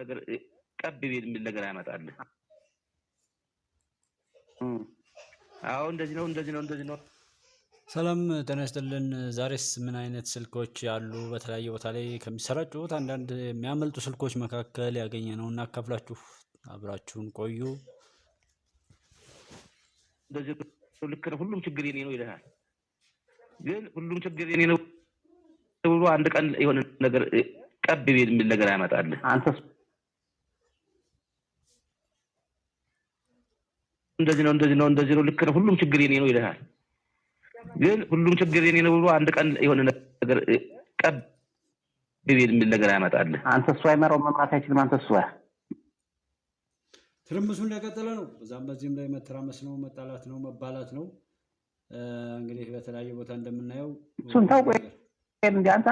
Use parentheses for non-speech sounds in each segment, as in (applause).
ነገር ቀብ ቤት የሚል ነገር ያመጣል። አዎ እንደዚህ ነው እንደዚህ ነው እንደዚህ ነው። ሰላም ጤና ይስጥልን። ዛሬስ ምን አይነት ስልኮች ያሉ በተለያየ ቦታ ላይ ከሚሰራጩት አንዳንድ የሚያመልጡ ስልኮች መካከል ያገኘ ነው እና እናካፍላችሁ። አብራችሁን ቆዩ። እንደዚህ ልክ ነው፣ ሁሉም ችግር የኔ ነው ይልሃል። ግን ሁሉም ችግር የኔ ነው ብሎ አንድ ቀን የሆነ ነገር ቀብ የሚል ነገር ያመጣል። አንተስ እንደዚህ ነው እንደዚህ ነው እንደዚህ ነው ልክ ነው ሁሉም ችግር የኔ ነው ይልሃል። ግን ሁሉም ችግር የኔ ነው ብሎ አንድ ቀን የሆነ ነገር ቀብ የሚል ነገር ያመጣል። አንተ እሱ አይመራው መምራት አይችልም። አንተ እሱ ትርምሱ እንደቀጠለ ነው። በዛም በዚህም ላይ መተራመስ ነው፣ መጣላት ነው፣ መባላት ነው። እንግዲህ በተለያየ ቦታ እንደምናየው እሱን ታውቆ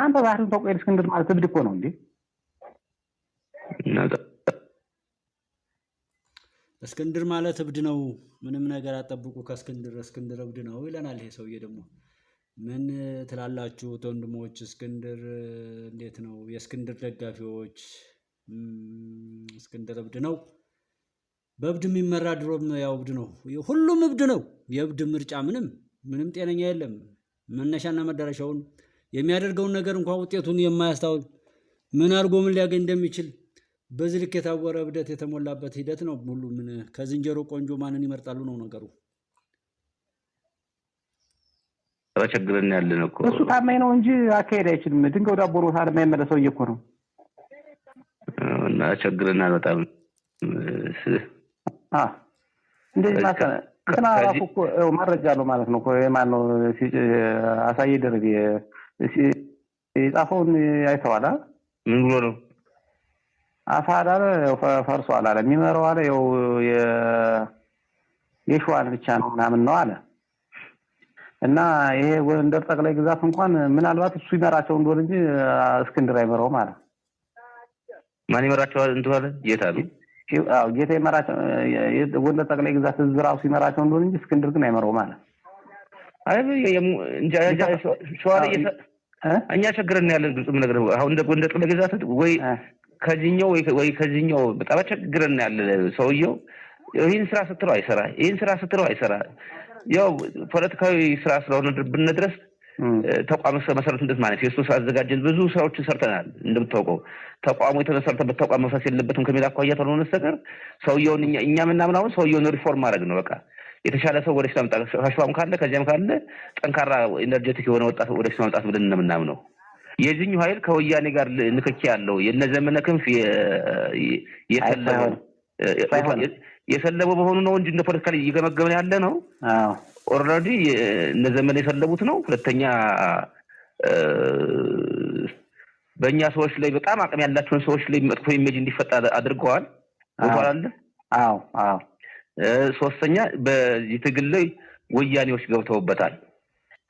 አንተ ባህርን ታውቆ እስክንድር ማለት እብድ እኮ ነው እንዴ እስክንድር ማለት እብድ ነው፣ ምንም ነገር አጠብቁ ከእስክንድር እስክንድር እብድ ነው ይለናል። ይሄ ሰውዬ ደግሞ ምን ትላላችሁ ወንድሞች? እስክንድር እንዴት ነው የእስክንድር ደጋፊዎች? እስክንድር እብድ ነው። በእብድ የሚመራ ድሮም ያው እብድ ነው። ሁሉም እብድ ነው። የእብድ ምርጫ ምንም ምንም ጤነኛ የለም። መነሻና መዳረሻውን የሚያደርገውን ነገር እንኳን ውጤቱን የማያስታውል ምን አድርጎ ምን ሊያገኝ እንደሚችል በዚህ ልክ የታወረ እብደት የተሞላበት ሂደት ነው። ሁሉ ምን ከዝንጀሮ ቆንጆ ማንን ይመርጣሉ ነው ነገሩ። ተቸግረን ያለን እኮ እሱ ታማኝ ነው እንጂ አካሄድ አይችልም። ድንገው ዳቦ ቦታ የማይመለሰው እየኮ ነው እና ቸግረናል በጣም እንደዚህ ማሰና ራሱ እኮ መረጃ አለው ማለት ነው። ማን ነው አሳየ ደረቤ የጻፈውን አይተዋል። ምን ብሎ ነው አፋ አላለ ፈርሶ አለ የሚመረው አለ ያው የሸዋን ብቻ ነው ምናምን ነው አለ እና ይሄ ጎንደር ጠቅላይ ግዛት እንኳን ምናልባት እሱ ይመራቸው እንደሆነ እንጂ እስክንድር አይመረውም አለ። ማን ይመራቸዋል እንደሆነ ጌታ ነው። ጌታ ይመራቸው ጎንደር ጠቅላይ ግዛት እዝ ራሱ ይመራቸው እንደሆነ እንጂ እስክንድር ግን አይመረውም አለ። ሸዋ እኛ ቸግረን ያለን ግልጽ ነገር አሁን እንደ ጎንደር ጠቅላይ ግዛት ወይ ከዚህኛው ወይ ከዚህኛው በጣም ችግርና ያለ ሰውየው ይህን ስራ ስትለው አይሰራ፣ ይህን ስራ ስትለው አይሰራ። ያው ፖለቲካዊ ስራ ስለሆነ ብንድረስ ተቋም መሰረት እንደት ማለት የእሱ አዘጋጀን ብዙ ስራዎችን ሰርተናል። እንደምታውቀው ተቋሙ የተመሰረተበት ተቋም መፍረስ የለበትም ከሚል አኳያ ተሆነ በስተቀር ሰውየውን እኛ ምናምናሁን ሰውየውን ሪፎርም ማድረግ ነው በቃ የተሻለ ሰው ወደፊት ማምጣት ከሽባም ካለ ከዚያም ካለ ጠንካራ ኢነርጀቲክ የሆነ ወጣት ወደፊት ማምጣት ብለን ነው የዚህኙ ኃይል ከወያኔ ጋር ንክኪ ያለው የነ ዘመነ ክንፍ የሰለበው በሆኑ ነው እንጂ እንደ ፖለቲካ ላይ ያለ ነው። ኦልሬዲ እነ ዘመነ የሰለቡት ነው። ሁለተኛ በእኛ ሰዎች ላይ በጣም አቅም ያላቸውን ሰዎች ላይ መጥፎ ኢሜጅ እንዲፈጠር አድርገዋል። ቦቷላለ ሶስተኛ በዚህ ትግል ላይ ወያኔዎች ገብተውበታል።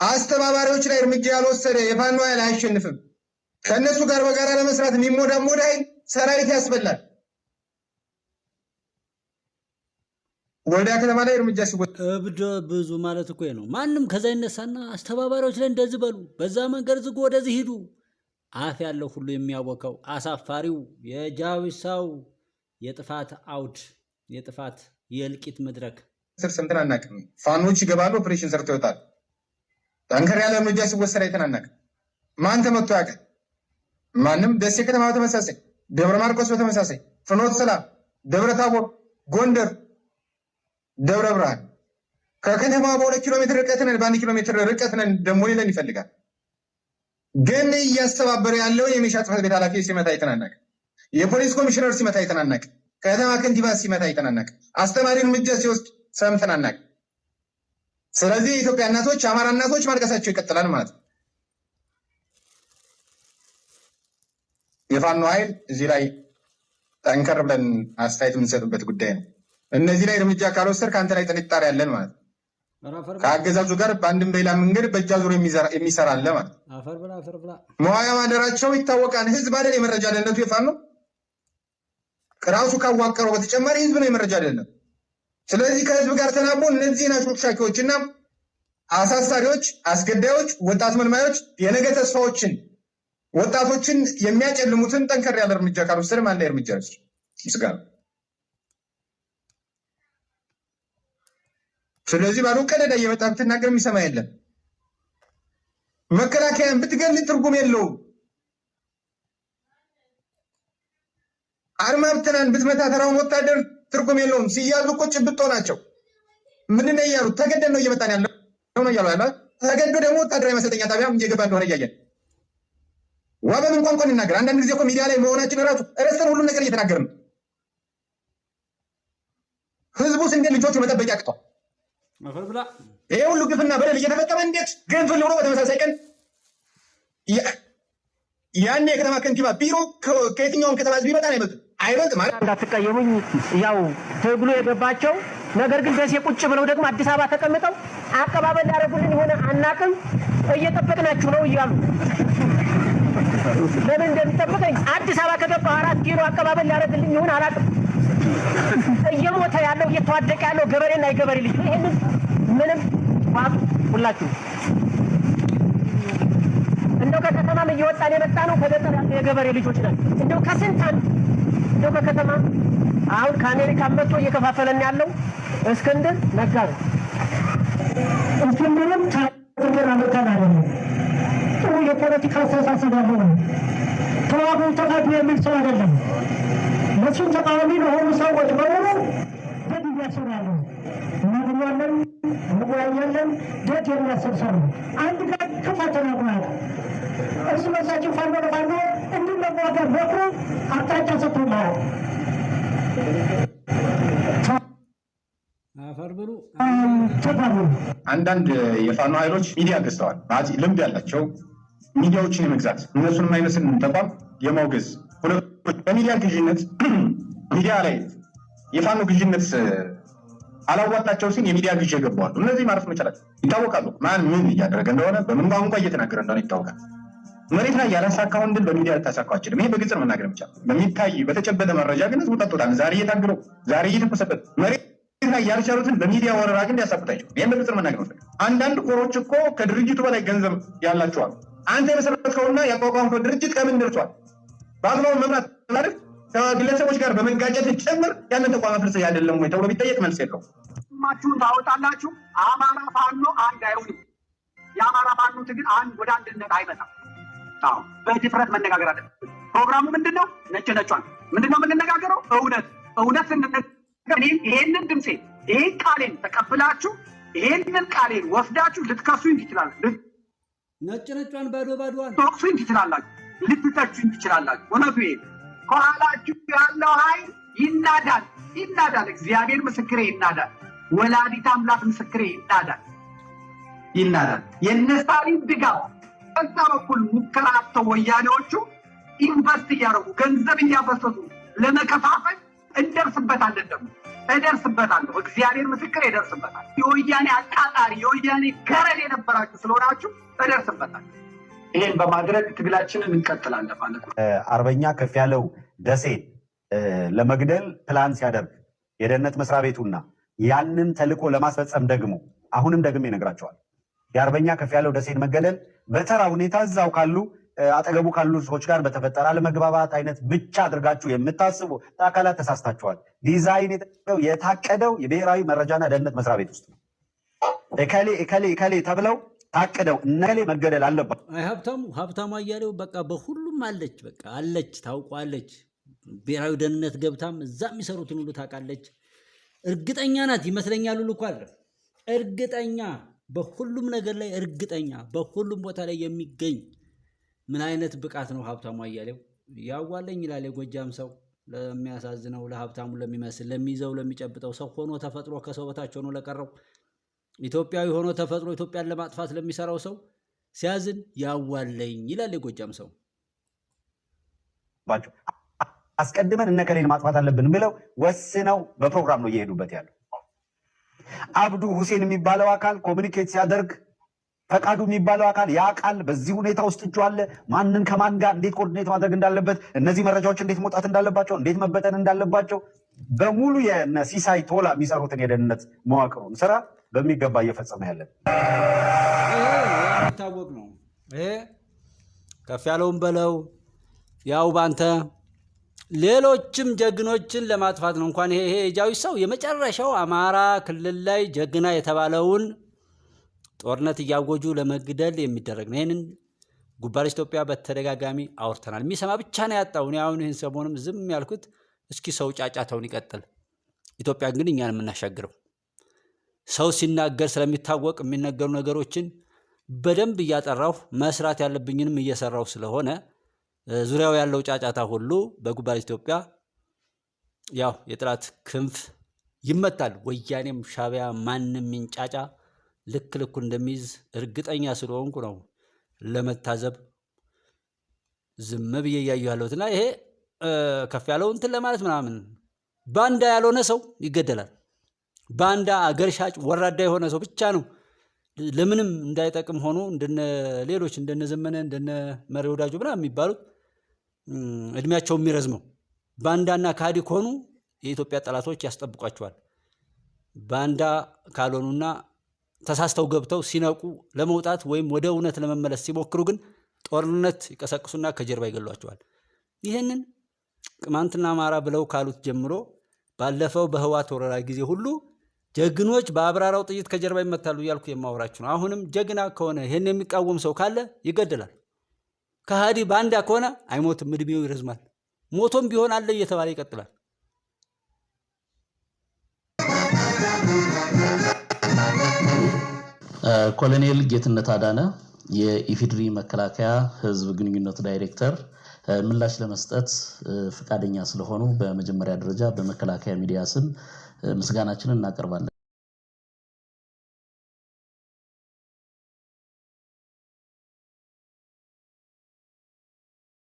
አስተባባሪዎች ላይ እርምጃ ያልወሰደ የፋኖ ኃይል አያሸንፍም። ከእነሱ ጋር በጋራ ለመስራት የሚሞዳሞድ ኃይል ሰራዊት ያስበላል። ወልዲያ ከተማ ላይ እርምጃ ሲወሰድ እብድ ብዙ ማለት እኮ ነው። ማንም ከዛ ይነሳና አስተባባሪዎች ላይ እንደዚህ በሉ፣ በዛ መንገድ ዝጉ፣ ወደዚህ ሂዱ። አፍ ያለው ሁሉ የሚያወቀው አሳፋሪው የጃዊሳው የጥፋት አውድ የጥፋት የእልቂት መድረክ ስር ሰምተን አናውቅም። ፋኖች ይገባሉ፣ ኦፕሬሽን ሰርተው ይወጣል። ጠንከር ያለ እርምጃ ሲወሰድ አይተን ማን ተመቶ ያውቃል? ማንም። ደሴ ከተማ በተመሳሳይ፣ ደብረ ማርቆስ በተመሳሳይ፣ ፍኖት ሰላም፣ ደብረ ታቦር፣ ጎንደር፣ ደብረ ብርሃን ከከተማ በሁለት ኪሎ ሜትር ርቀት ነን፣ በአንድ ኪሎ ሜትር ርቀት ነን ደግሞ ሌለን ይፈልጋል። ግን እያስተባበረ ያለውን የሚሊሻ ጽሕፈት ቤት ኃላፊ ሲመታ አይተን የፖሊስ ኮሚሽነር ሲመታ አይተን ከተማ ከንቲባ ሲመታ አይተን አስተማሪ እርምጃ ሲወስድ ሰምተናናቅ። ስለዚህ የኢትዮጵያ እናቶች፣ የአማራ እናቶች ማልቀሳቸው ይቀጥላል ማለት ነው። የፋኖ ኃይል እዚህ ላይ ጠንከር ብለን አስተያየት የምንሰጥበት ጉዳይ ነው። እነዚህ ላይ እርምጃ ካልወሰድ ከአንተ ላይ ጥንጣሪ ያለን ማለት ነው። ከአገዛዙ ጋር በአንድም በሌላ መንገድ በእጅ ዙር የሚሰራ አለ ማለት ነው። መዋያ ማደራቸው ይታወቃል። ህዝብ አይደል የመረጃ ደህንነቱ የፋኖ ራሱ ካዋቀረው በተጨማሪ ህዝብ ነው የመረጃ ደህንነቱ ስለዚህ ከህዝብ ጋር ተናቦ እነዚህን አሾሻኪዎችና አሳሳሪዎች፣ አስገዳዮች፣ ወጣት መልማዮች፣ የነገ ተስፋዎችን ወጣቶችን የሚያጨልሙትን ጠንከር ያለ እርምጃ ካልወሰድም አንድ እርምጃ ይወስድ። ምስጋ ስለዚህ ባዶ ቀደዳ እየመጣ ብትናገር የሚሰማ የለም። መከላከያን ብትገል ትርጉም የለውም። አርማ ብተናን ብትመታ ተራውን ወታደር ትርጉም የለውም። ሲያዙ እኮ ጭብጦ ናቸው። ምንድን ነው እያሉ ተገደን ነው እየመጣን ያለ ነው እያሉ ያለ ተገዶ ደግሞ ወታደራዊ ማሰልጠኛ ጣቢያ እየገባ እንደሆነ እያየን ዋ በምን ቋንቋ እንናገር? አንዳንድ ጊዜ እኮ ሚዲያ ላይ መሆናችን ራሱ ረስተን ሁሉ ነገር እየተናገርን ነው። ህዝቡስ እንዴት ልጆቹ መጠበቅ ያቅቷል? ይሄ ሁሉ ግፍና በደል እየተፈጸመ እንዴት ገንፍል ብሎ በተመሳሳይ ቀን ያኔ የከተማ ከንቲባ ቢሮ ከየትኛውም ከተማ ህዝብ ይመጣን አይመጡም አይበልጥ ማለት እንዳትቀየሙኝ፣ ያው ትግሉ የገባቸው ነገር ግን ደሴ ቁጭ ብለው ደግሞ አዲስ አበባ ተቀምጠው አቀባበል ሊያደርጉልን የሆነ አናቅም እየጠበቅናችሁ ነው እያሉ ለምን እንደሚጠብቀኝ አዲስ አበባ ከገባሁ አራት ኪሎ አቀባበል ሊያደርግልኝ ይሆን አላቅም። እየሞተ ያለው እየተዋደቀ ያለው ገበሬና የገበሬ ልጅ ነው። ይሄንን ምንም ዋጡ ሁላችሁ እንደው ከከተማም እየወጣን የመጣ ነው። ከገጠር ያለው የገበሬ ልጆች ናቸው። እንደው ከስንት አንድ እንደው በከተማ አሁን ከአሜሪካ መጥቶ እየከፋፈለን ያለው እስክንድር ነጋ ነው። እስክንድርም ታገር አሜሪካን አለ ጥሩ የፖለቲካ አስተሳሰብ ያለው ነው። ተዋጉ ተጋዱ የሚል ሰው አይደለም። ለሱን ተቃዋሚ ለሆኑ ሰዎች በሙሉ ደግ እያሰሩ ያለው እናገኛለን፣ እንወያያለን። ደግ የሚያስብ ሰው ነው። አንድ ጋር ክፋ ተናግሮ እርስ በርሳችን ፋኖ ለፋኖ እንዲመዋገር በኩ አንዳንድ የፋኖ ኃይሎች ሚዲያ ገዝተዋል። ልምድ ያላቸው ሚዲያዎችን የመግዛት እነሱን የማይመስል ተቋም የማውገዝ በሚዲያ ግዥነት (clears throat) ሚዲያ ላይ የፋኖ ግዥነት አላዋጣቸው ሲል የሚዲያ ግዥ የገባዋሉ። እነዚህ ማለት መቻላቸው ይታወቃሉ። ማን ምን እያደረገ እንደሆነ በምን ቋንቋ እየተናገረ እንደሆነ ይታወቃል። መሬት ላይ ያላሳካውን ድል በሚዲያ ልታሳካው አችልም። ይሄ በግልጽ ነው መናገር ብቻ። በሚታይ በተጨበጠ መረጃ ግን ህዝቡ ጠጥቶታል። ዛሬ እየታገለው ዛሬ እየተኮሰበት መሬት ላይ ያልቻሉትን በሚዲያ ወረራ ግን ሊያሳብታቸው ይህም በግልጽ መናገር መፈል አንዳንድ ኮሮች እኮ ከድርጅቱ በላይ ገንዘብ ያላቸዋል። አንተ የመሰረትከውና ያቋቋምከው ድርጅት ከምን ደርሷል? በአግባቡ መምራት ማለት ከግለሰቦች ጋር በመጋጨት ጭምር ያንን ተቋም ፍልስ አይደለም ወይ ተብሎ ቢጠየቅ መልስ የለው። ማችሁን ታወጣላችሁ። አማራ ፋኖ አንድ አይሆንም። የአማራ ፋኖ ትግል አንድ ወደ አንድነት አይመጣም። አዎ በድፍረት መነጋገር አለ። ፕሮግራሙ ምንድን ነው? ነጭ ነጯን ምንድን ነው የምንነጋገረው? እውነት እውነት ስንነጋገር ይሄንን ድምፄ ይሄን ቃሌን ተቀብላችሁ ይሄንን ቃሌን ወስዳችሁ ልትከሱኝ ትችላላችሁ። ነጭ ነጯን ባዶ ባዶዋን ተወቅሱኝ ትችላላችሁ። ልትተቹኝ ትችላላችሁ። እውነቱ ይሄ ከኋላችሁ ያለው ሀይል ይናዳል፣ ይናዳል። እግዚአብሔር ምስክሬ ይናዳል። ወላዲት አምላክ ምስክሬ ይናዳል፣ ይናዳል። የነሳሊን ድጋፍ በዛ በኩል ሙከራ አጥተው ወያኔዎቹ ኢንቨስት እያደረጉ ገንዘብ እያፈሰሱ ለመከፋፈል እንደርስበታለን። ደግሞ እደርስበታለሁ፣ እግዚአብሔር ምስክር ይደርስበታል። የወያኔ አቃጣሪ የወያኔ ገረድ የነበራችሁ ስለሆናችሁ እደርስበታል። ይህን በማድረግ ትግላችንን እንቀጥላለን ማለት ነው። አርበኛ ከፍ ያለው ደሴ ለመግደል ፕላን ሲያደርግ የደህንነት መስሪያ ቤቱና ያንን ተልዕኮ ለማስፈጸም ደግሞ አሁንም ደግሞ ይነግራቸዋል የአርበኛ ከፍ ያለው ደሴን መገደል በተራ ሁኔታ እዛው ካሉ አጠገቡ ካሉ ሰዎች ጋር በተፈጠረ አለመግባባት አይነት ብቻ አድርጋችሁ የምታስቡ አካላት ተሳስታችኋል። ዲዛይን የታቀደው የብሔራዊ መረጃና ደህንነት መስሪያ ቤት ውስጥ ነው። እከሌ እከሌ እከሌ ተብለው ታቅደው እነከሌ መገደል አለባት። ሀብታሙ ሀብታሙ አያሌው በቃ በሁሉም አለች፣ በቃ አለች፣ ታውቋለች። ብሔራዊ ደህንነት ገብታም እዛ የሚሰሩትን ሁሉ ታውቃለች። እርግጠኛ ናት ይመስለኛል ሁሉ እኮ እርግጠኛ በሁሉም ነገር ላይ እርግጠኛ በሁሉም ቦታ ላይ የሚገኝ ምን አይነት ብቃት ነው? ሀብታሙ አያሌው ያዋለኝ ይላል የጎጃም ሰው። ለሚያሳዝነው ለሀብታሙ ለሚመስል ለሚይዘው ለሚጨብጠው ሰው ሆኖ ተፈጥሮ ከሰው በታች ሆኖ ለቀረው ኢትዮጵያዊ ሆኖ ተፈጥሮ ኢትዮጵያን ለማጥፋት ለሚሰራው ሰው ሲያዝን ያዋለኝ ይላል የጎጃም ሰው። አስቀድመን እነከሌን ማጥፋት አለብን ብለው ወስነው በፕሮግራም ነው እየሄዱበት ያለው። አብዱ ሁሴን የሚባለው አካል ኮሚኒኬት ሲያደርግ ፈቃዱ የሚባለው አካል ያ ቃል በዚህ ሁኔታ ውስጥ እጁ አለ። ማንን ከማን ጋር እንዴት ኮርዲኔት ማድረግ እንዳለበት፣ እነዚህ መረጃዎች እንዴት መውጣት እንዳለባቸው፣ እንዴት መበጠን እንዳለባቸው በሙሉ የነ ሲሳይ ቶላ የሚሰሩትን የደህንነት መዋቅሩን ስራ በሚገባ እየፈጸመ ያለን የሚታወቅ ነው። ከፍ ያለውን በለው ያው ባንተ ሌሎችም ጀግኖችን ለማጥፋት ነው። እንኳን ይሄ ጃዊ ሰው የመጨረሻው አማራ ክልል ላይ ጀግና የተባለውን ጦርነት እያወጁ ለመግደል የሚደረግ ነው። ይህንን ጉባለች ኢትዮጵያ በተደጋጋሚ አውርተናል። የሚሰማ ብቻ ነው ያጣው። እኔ አሁን ይህን ሰሞንም ዝም ያልኩት እስኪ ሰው ጫጫተውን ይቀጥል። ኢትዮጵያ ግን እኛን የምናሻግረው ሰው ሲናገር ስለሚታወቅ የሚነገሩ ነገሮችን በደንብ እያጠራሁ መስራት ያለብኝንም እየሰራሁ ስለሆነ ዙሪያው ያለው ጫጫታ ሁሉ በጉባኤ ኢትዮጵያ ያው የጥላት ክንፍ ይመታል። ወያኔም ሻቢያ ማንም ይንጫጫ ልክ ልኩ እንደሚይዝ እርግጠኛ ስለሆንኩ ነው ለመታዘብ ዝም ብዬ እያዩ ያለሁት እና ይሄ ከፍ ያለው እንትን ለማለት ምናምን ባንዳ ያልሆነ ሰው ይገደላል። ባንዳ አገር ሻጭ ወራዳ የሆነ ሰው ብቻ ነው ለምንም እንዳይጠቅም ሆኖ እንደነ ሌሎች እንደነ ዘመነ እንደነ መሪ ወዳጁ ምናምን የሚባሉት እድሜያቸው የሚረዝመው ባንዳና ካዲ ከሆኑ የኢትዮጵያ ጠላቶች ያስጠብቋቸዋል። ባንዳ ካልሆኑና ተሳስተው ገብተው ሲነቁ ለመውጣት ወይም ወደ እውነት ለመመለስ ሲሞክሩ ግን ጦርነት ይቀሰቅሱና ከጀርባ ይገሏቸዋል። ይህንን ቅማንትና አማራ ብለው ካሉት ጀምሮ ባለፈው በህወሓት ወረራ ጊዜ ሁሉ ጀግኖች በአብራራው ጥይት ከጀርባ ይመታሉ እያልኩ የማወራችሁ ነው። አሁንም ጀግና ከሆነ ይህን የሚቃወም ሰው ካለ ይገደላል። ከሃዲ ባንዳ ከሆነ አይሞትም፣ እድሜው ይረዝማል። ሞቶም ቢሆን አለ እየተባለ ይቀጥላል። ኮሎኔል ጌትነት አዳነ የኢፌድሪ መከላከያ ህዝብ ግንኙነት ዳይሬክተር ምላሽ ለመስጠት ፈቃደኛ ስለሆኑ በመጀመሪያ ደረጃ በመከላከያ ሚዲያ ስም ምስጋናችንን እናቀርባለን።